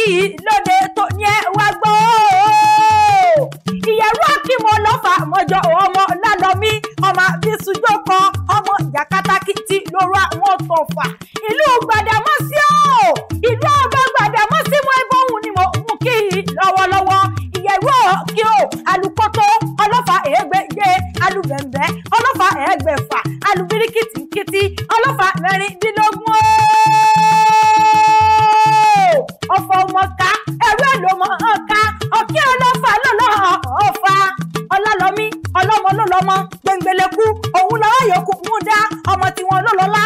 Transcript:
kì í lóde tó yẹn wá gbọ́ ìyẹ̀rú akímọ̀ lọ́fà mọ́jọ ọmọ lálọ́mí ọmọ bísújó kan ọmọ ìjàkátákì ti lóru àwọn tọ̀fà ìlú gbàdámọ́sí ò ìlú ọba gbàdámọ́sí mọ́ ibòhùn ni mo mú kí i lọ́wọ́lọ́wọ́ ìyẹ̀rú kí o alukoto ọlọ́fà èégbéje alubẹ̀m̀bẹ́ ọlọ́fà ẹ̀ẹ́gbẹ̀fà alubirikìtìkìtì ọlọ́fà mẹ́rìndínlọ́ ọmọ ọ̀ka ọ̀kí ọlọ́fà lọ́lọ́ ọ̀fà ọlálọ́mí ọlọ́mọ lọ́lọ́mọ gbẹ̀ngbẹ̀lẹ̀kú òun lọ́wọ́ yòókù mú dá ọmọ tiwọn lọ́lọ́lá